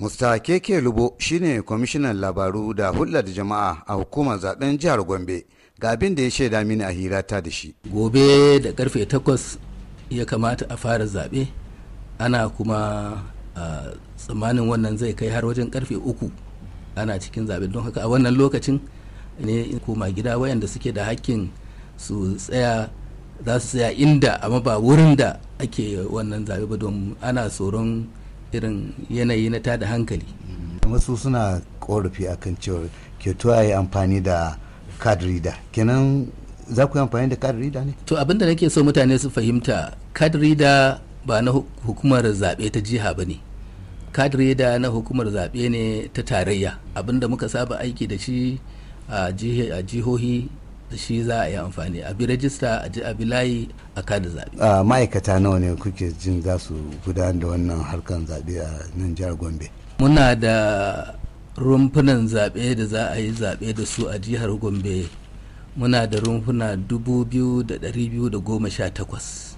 Musta Keke Lubo shine kwamishinan labaru da hulɗar jama'a a hukumar zaɓen jihar Gombe ga abin da ya shaida mini a hira ta da shi. Gobe da karfe takwas ya kamata a fara zaɓe ana kuma tsammanin wannan zai kai har wajen karfe uku ana cikin zaɓe don haka a wannan lokacin ne koma gida wayanda suke da hakkin su tsaya za su tsaya inda amma ba wurin da ake wannan zaɓe ba don ana tsoron irin yanayi na tada hankali wasu suna korafi akan cewar kyoto ya yi amfani da card reader kenan za ku yi amfani da card reader ne to abinda nake so mutane su fahimta card reader ba na hukumar zaɓe ta jiha ba ne card reader na hukumar zaɓe ne ta tarayya abinda muka saba aiki da shi a jihohi shi za a yi amfani a bi rajista a ji a bi layi a kada zaɓe. ma'aikata nawa ne kuke jin za su gudanar da wannan harkar zaɓe a nan jihar gombe. muna da rumfunan zaɓe da za a yi zaɓe da su a jihar gombe muna da rumfuna da goma sha takwas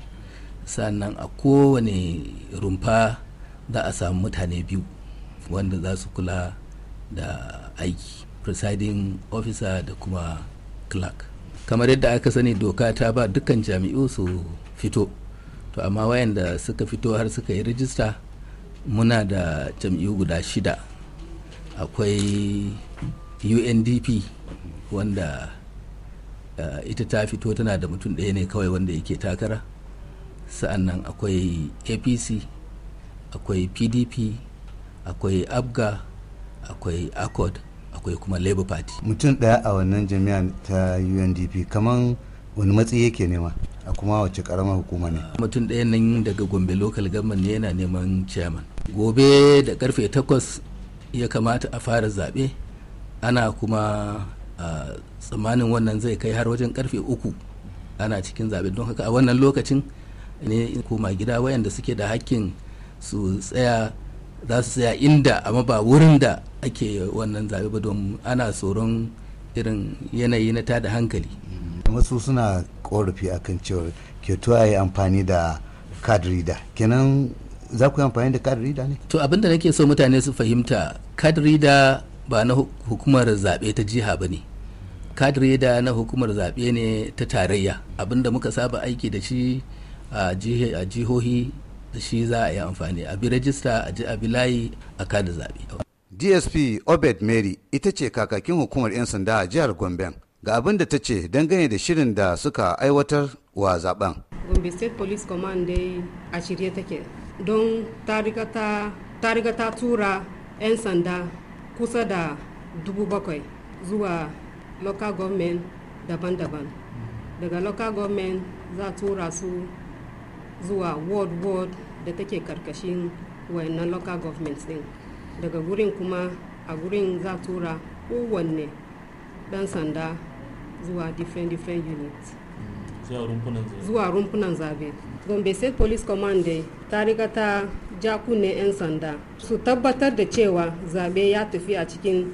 sannan a kowane rumfa za a samu mutane biyu wanda za su kula da aiki presiding officer da kuma clerk kamar yadda aka sani doka ta ba dukkan jami'u su fito to amma wayanda suka fito har suka yi rijista muna da jami'u guda shida akwai undp wanda uh, ita ta fito tana da mutum ɗaya ne kawai wanda yake takara sa'annan akwai apc akwai pdp akwai abga akwai accord akwai kuma labour party mutum ɗaya a wannan jami'a ta undp kaman wani matsayi yake nema a kuma wace karamar hukuma ne mutum ɗaya nan daga gombe local government ne yana neman chairman gobe da karfe takwas ya kamata a fara zaɓe ana kuma tsammanin wannan zai kai har wajen karfe uku ana cikin zaɓe don haka a wannan lokacin ne koma gida wayanda suke da hakkin su tsaya za su tsaya inda amma ba wurin da ake wannan zaɓe ba don ana tsoron irin yanayi na tada hankali wasu suna korafi akan cewar kyoto ya yi amfani da card reader kenan za ku yi amfani da card reader ne to abinda nake so mutane su fahimta card reader ba na hukumar zaɓe ta jiha ba ne card reader na hukumar zaɓe ne ta tarayya abinda muka saba aiki da shi a jihohi shi za a yi amfani a bi rajista a ji a bi layi a kada zaɓe. dsp obed mary ita ce kakakin hukumar 'yan sanda a jihar gombe ga abin da ta ce dangane da shirin da suka aiwatar wa zaben. gombe state police command dai a shirye take don ta riga tura 'yan sanda kusa da dubu bakwai zuwa local government daban-daban daga local government za tura su zuwa ward ward da take karkashin wayannan local governments din daga gurin kuma a gurin za tura kowanne dan sanda zuwa different different units zuwa rumfunan zabe gombe state police command ta riga ta ja kunne 'yan sanda su tabbatar da cewa zabe ya tafi a cikin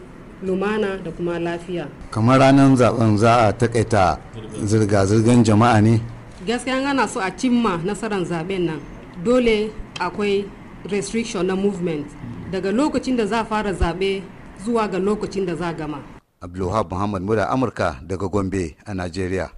lumana da kuma lafiya kamar ranar zaben za a takaita zirga zirgan jama'a ne gaskiya ana so a cimma nasarar zaben nan dole akwai restriction na movement daga lokacin da za fara zabe zuwa ga lokacin da za gama abdulwahab muhammad mura amurka daga gombe a nigeria